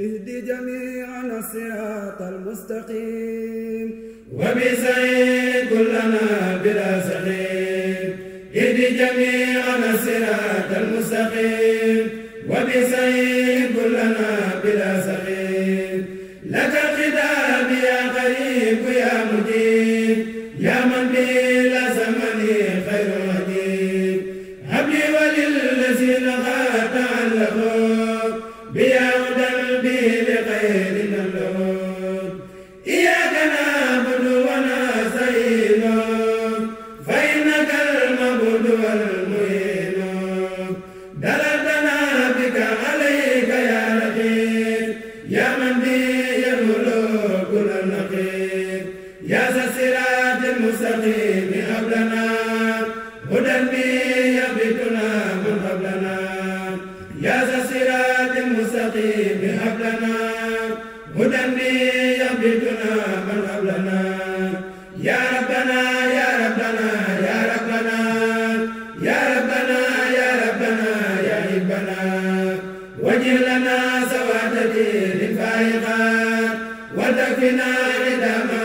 اهد جميعنا الصراط المستقيم وبسعي كلنا بلا سقيم اهد جميعنا الصراط المستقيم وبسعي كلنا بلا سقيم لك الخدام يا قريب يا مجيب يا ذا الصراط المستقيم قبلنا هدى به يبتنا من قبلنا يا ذا الصراط المستقيم قبلنا هدى به يبتنا من قبلنا يا ربنا يا ربنا يا ربنا يا ربنا يا ربنا يا ربنا واجعل لنا سواد دين فائقا وتكفنا ندما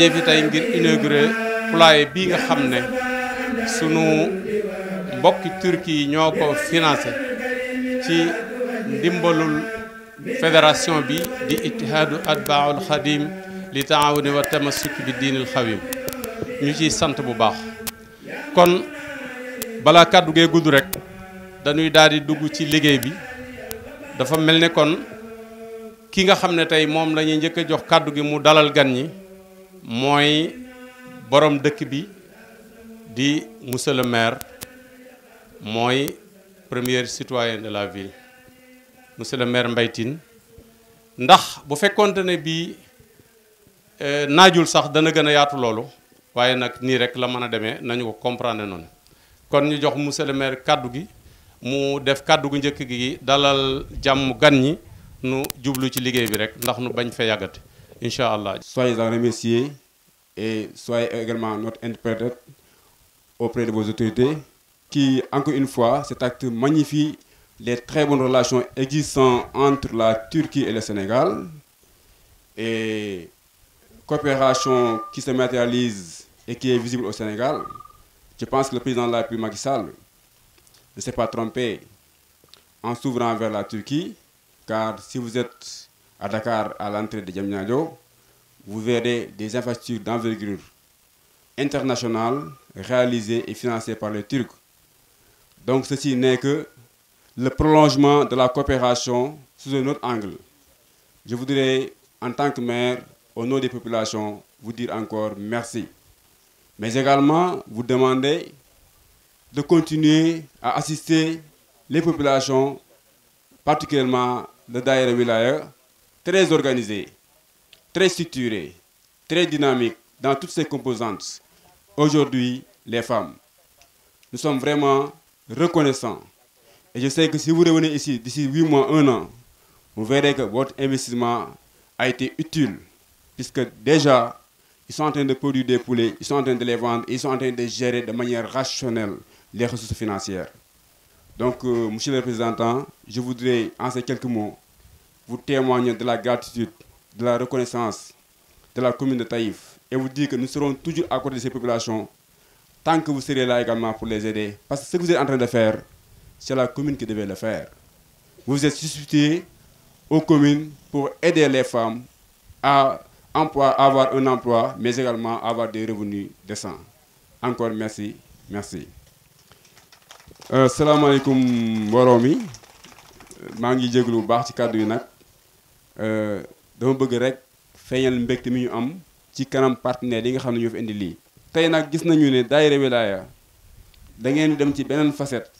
ñëw fi tey ngir inauguré poulailler bii nga xam ne sunu mbokki turki yi ñoo ko financé ci ndimbalul fédération bi di ittihaadu atbaa'ul xadim li taawuni wa tamassuk bi diinil xawim ñu ciy sant bu baax kon balaa kàddu gee gudd rek dañuy daal di dugg ci liggéey bi dafa mel ni kon ki nga xam ne tey moom lañuy ñuy njëkk a jox kàddu gi mu dalal gan ñi mooy borom dëkk bi di monsieur le maire mooy premier citoyen de la ville monsieur le maire Mbaye ndax bu fekkonte ne bii eh, naajul sax dana gën a yaatu loolu waaye nag nii rek la mën a demee nañu ko comprendre noonu kon ñu jox monsieur le maire kàddu gi mu def kàddu gu njëkk gi dalal jàmm gan ñi nu jublu ci liggéey bi rek ndax nu bañ fee yàggat incha allah. soyez en remerciés et soyez également notre interprète auprès de vos autorités qui encore une fois cet acte magnifie les très bonnes relations existant entre la Turquie et le Sénégal et coopération qui se matérialise et qui est visible au Sénégal je pense que le président de la République Macky Sall ne s'est pas trompé en s'ouvrant vers la Turquie car si vous êtes à Dakar, à l'entrée de Djamnyadjo, vous verrez des infrastructures d'envergure internationale réalisées et financées par les Turcs. Donc ceci n'est que le prolongement de la coopération sous un autre angle. Je voudrais, en tant que maire, au nom des populations, vous dire encore merci. Mais également, vous demander de continuer à assister les populations, particulièrement le Daïra Wilaya, très organisé, très structuré, très dynamique dans toutes ses composantes. Aujourd'hui, les femmes. Nous sommes vraiment reconnaissants. Et je sais que si vous revenez ici d'ici 8 mois, 1 an, vous verrez que votre investissement a été utile. Puisque déjà, ils sont en de produire des poulets, ils sont en de les vendre, et ils sont en train de gérer de manière rationnelle les ressources financières. Donc, euh, monsieur le représentant, je voudrais en ces vous témoigne de la gratitude, de la reconnaissance de la commune de Taïf et vous dit que nous serons toujours à côté de ces populations tant que vous serez là également pour les aider. Parce que ce que vous êtes en train de faire, c'est la commune qui devait le faire. Vous vous êtes suscité aux communes pour aider les femmes à emploi, avoir un emploi, mais également avoir des revenus décents. Encore merci, merci. Euh, salaamaaleykum mbooloo mi maa ngi jéglu bu baax ci kàddu yi nag. Euh, dama bëgg rek feeñal mbekk mi ñu am ci kanam partenaires yi nga xam ne ñoo fi indi lii. tey nag gis nañu ne daayira wilaaya da ngeen dem ci beneen facette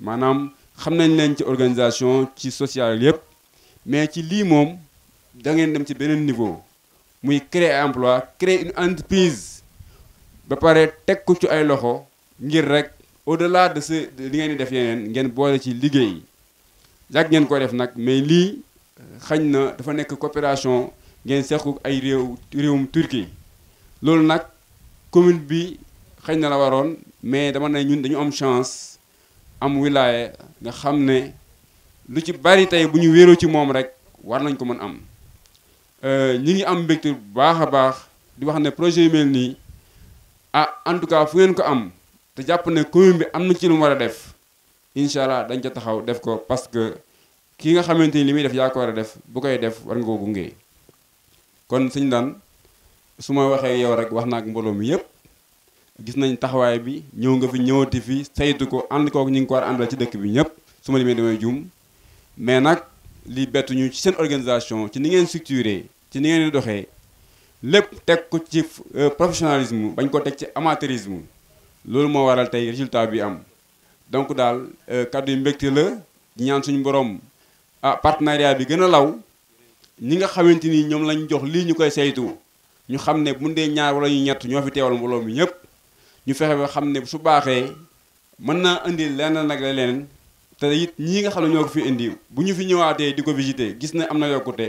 maanaam xam nañ leen ci organisation ci sociale yépp mais ci lii moom da ngeen dem ci beneen niveau muy créer emploi créer une entreprise ba pare teg ku ci ay loxo ngir rek au-delà de ce li ngeen di def yeneen ngeen boole ci liggéey yàgg ngeen ko def nag mais lii. xañ na dafa nekk coopération ngeen sequ ay réew réewum Turquie loolu nag commune bi xañ na la waroon mais dama ne ñun dañu am chance am wilaya nga xam ne lu ci bari tey bu ñu wéeroo ci moom rek war nañ ko mën am euh, ñi ngi am mbégte bu baax a baax di wax ne projet yu nii ah en tout cas fu ngeen ko am te jàpp ne commune bi am na ci lu mu war a def incha allah dañ ca taxaw def ko parce que ki nga xamante ni li muy def yaa ko war a def bu koy def war nga ko gunge kon suñ daan su ma waxee yow rek wax naa ak mbooloo mi yëpp gis nañ taxawaay bi ñëw nga fi ñëwati fi saytu ko ànd kook ñu ngi ko war a àndal ci dëkk bi ñëpp su ma limee damay juum mais nag li bettuñu ci seen organisation ci ni ngeen structuré ci ni ngeen di doxee lépp teg ko ci euh, professionnalisme bañ ko teg ci amateurisme loolu moo waral tey résultat bi am donc daal euh, kàddu yu mbégte ñaan suñu borom. ah partenariat bi gën a law ñi nga xamante ni ñoom lañ jox lii ñu koy saytu ñu xam ne bu dee ñaar wala ñu ñett ñoo fi teewal mbooloo mi ñëpp ñu fexe ba xam ne su baaxee mën naa indi leneen nag la leneen te it ñii nga xam ne ñoo ko fi indi bu ñu fi ñëwaatee di ko visiter gis ne am na yokkute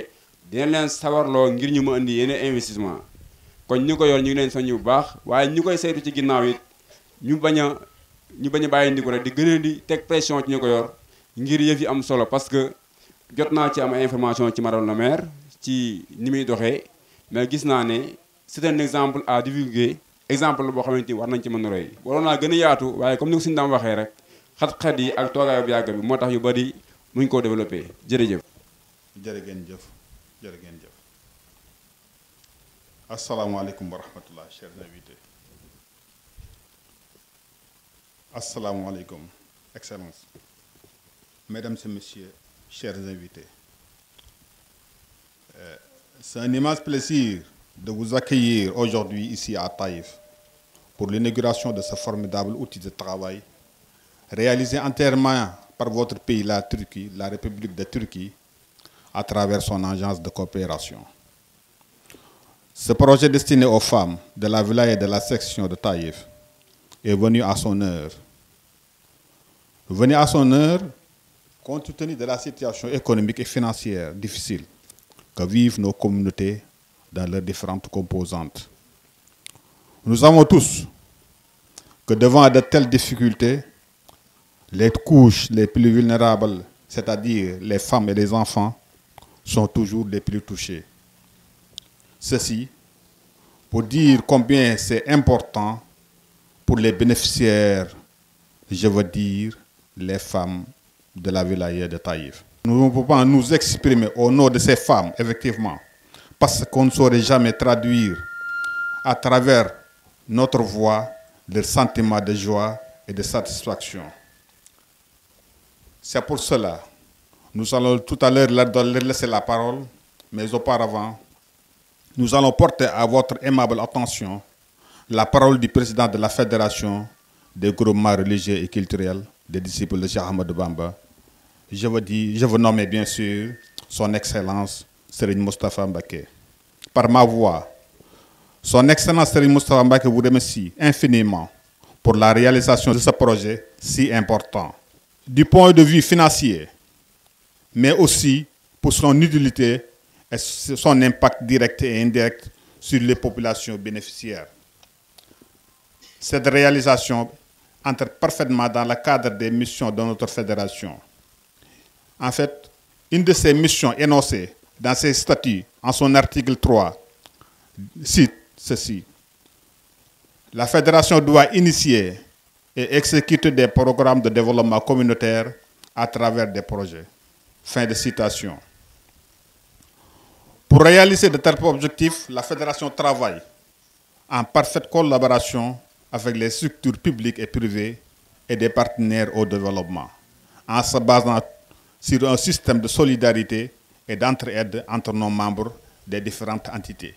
dina leen sawarloo ngir ñu ma indi yeneen investissement kon ñu ko yor ñu ngi leen soññi bu baax waaye ñu koy saytu ci ginnaaw yi ñu bañ a ñu baña a bàyyi ndiku rek di gën teg pression ci ñu ko yor ngir jot naa ci am information ci Madame la maire ci ni muy doxee mais gis naa ne c'est un exemple à divulguer exemple boo xamante ni war nañ ci mën a roy waroon naa gën a yaatu waaye comme ni ko suñu daan waxee rek xat-xat yi ak toogaay bu yàgg bi moo tax yu bari muñ koo développé jërëjëf. jërë ngeen jëf jërë ngeen jëf asalaamaaleykum wa rahmatullah chers invités asalaamaaleykum excellence mesdames et messieurs chers invités. Euh, c'est un immense plaisir de vous accueillir aujourd'hui ici à Taïf pour l'inauguration de ce formidable outil de travail réalisé entièrement par votre pays, la Turquie, la République de Turquie, à travers son agence de coopération. Ce projet destiné aux femmes de la wilaya et de la section de Taïf est venu à son heure. Venu à son heure compte tenu de la situation économique et financière difficile que vivent nos communautés dans leurs différentes composantes. Nous savons tous que devant de telles difficultés, les couches les plus vulnérables, c'est-à-dire les femmes et les enfants, sont toujours les plus touchés. Ceci pour dire combien c'est important pour les bénéficiaires, je veux dire les femmes de la wilaya de Taïf. Nous ne pouvons pas nous exprimer au nom de ces femmes, effectivement, parce qu'on ne saurait jamais traduire à travers notre voix leur sentiment de joie et de satisfaction. C'est pour cela, nous allons tout à l'heure leur laisser la parole, mais auparavant, nous allons porter à votre aimable attention la parole du président de la Fédération des groupements religieux et culturels des disciples de Cheikh Bamba je veux dire, je veux nommer bien sûr son Excellence Serigne Moustapha Mbaké. Par ma voix, son Excellence Serigne Moustapha Mbaké vous remercie infiniment pour la réalisation de ce projet si important. Du point de vie financier, mais aussi pour son utilité et son impact direct et indirect sur les populations bénéficiaires. Cette réalisation entre parfaitement dans le cadre des missions de notre fédération. En fait, une de ses missions énoncées dans ses statuts, en son article 3, cite ceci. La fédération doit initier et exécuter des programmes de développement communautaire à travers des projets. Fin de citation. Pour réaliser de tels objectifs, la fédération travaille en parfaite collaboration avec les structures publiques et privées et des partenaires au développement, en se basant sur un système de solidarité et d'entraide entre nos membres des différentes entités.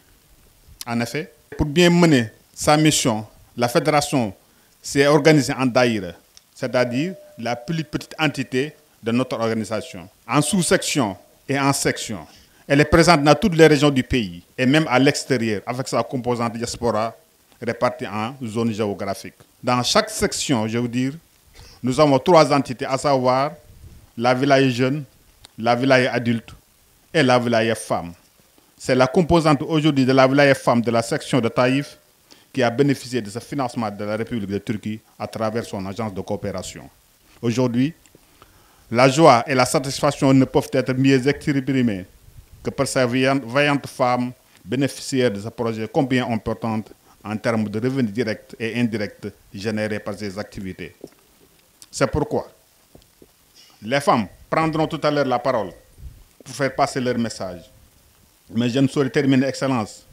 En effet, pour bien mener sa mission, la fédération s'est organisée en daïra, c'est-à-dire la plus petite entité de notre organisation, en sous-section et en section. Elle est présente dans toutes les régions du pays et même à l'extérieur avec sa composante diaspora répartie en zones géographiques. Dans chaque section, je veux dire, nous avons trois entités, à savoir la village jeune, la village adulte et la village femme. C'est la composante aujourd'hui de la village femme de la section de Taïf qui a bénéficié de ce financement de la République de Turquie à travers son agence de coopération. Aujourd'hui, la joie et la satisfaction ne peuvent être mieux exprimées que par ces vaillantes femmes bénéficiaires de ce projet combien important en termes de revenus directs et indirects générés par ces activités. C'est pourquoi Les femmes prendront tout à l'heure la parole pour faire passer leur message. Mais je ne saurais terminer, Excellences,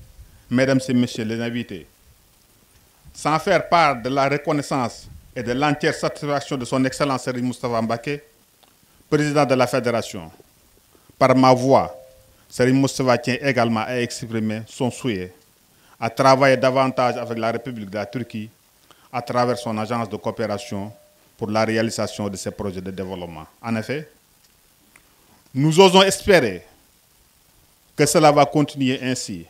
Mesdames et Messieurs les invités, sans faire part de la reconnaissance et de l'entière satisfaction de son Excellence Serigne Moustapha Mbacké, président de la Fédération. Par ma voix, Serigne Moustapha tient également à exprimer son souhait à travailler davantage avec la République de la Turquie à travers son agence de coopération pour la réalisation de ces projets de développement. En effet, nous osons espérer que cela va continuer ainsi,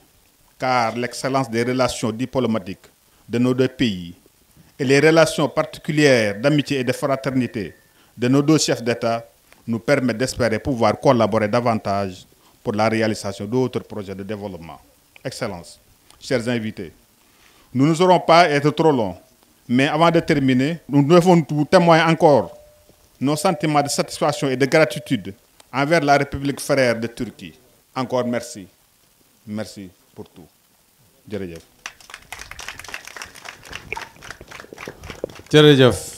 car l'excellence des relations diplomatiques de nos deux pays et les relations particulières d'amitié et de fraternité de nos deux chefs d'État nous permettent d'espérer pouvoir collaborer davantage pour la réalisation d'autres projets de développement. Excellences, chers invités, nous ne serons pas être trop longs Mais avant de terminer, nous devons vous témoigner encore nos sentiments de satisfaction et de gratitude envers la République frère de Turquie. Encore merci. Merci pour tout. jërëjëf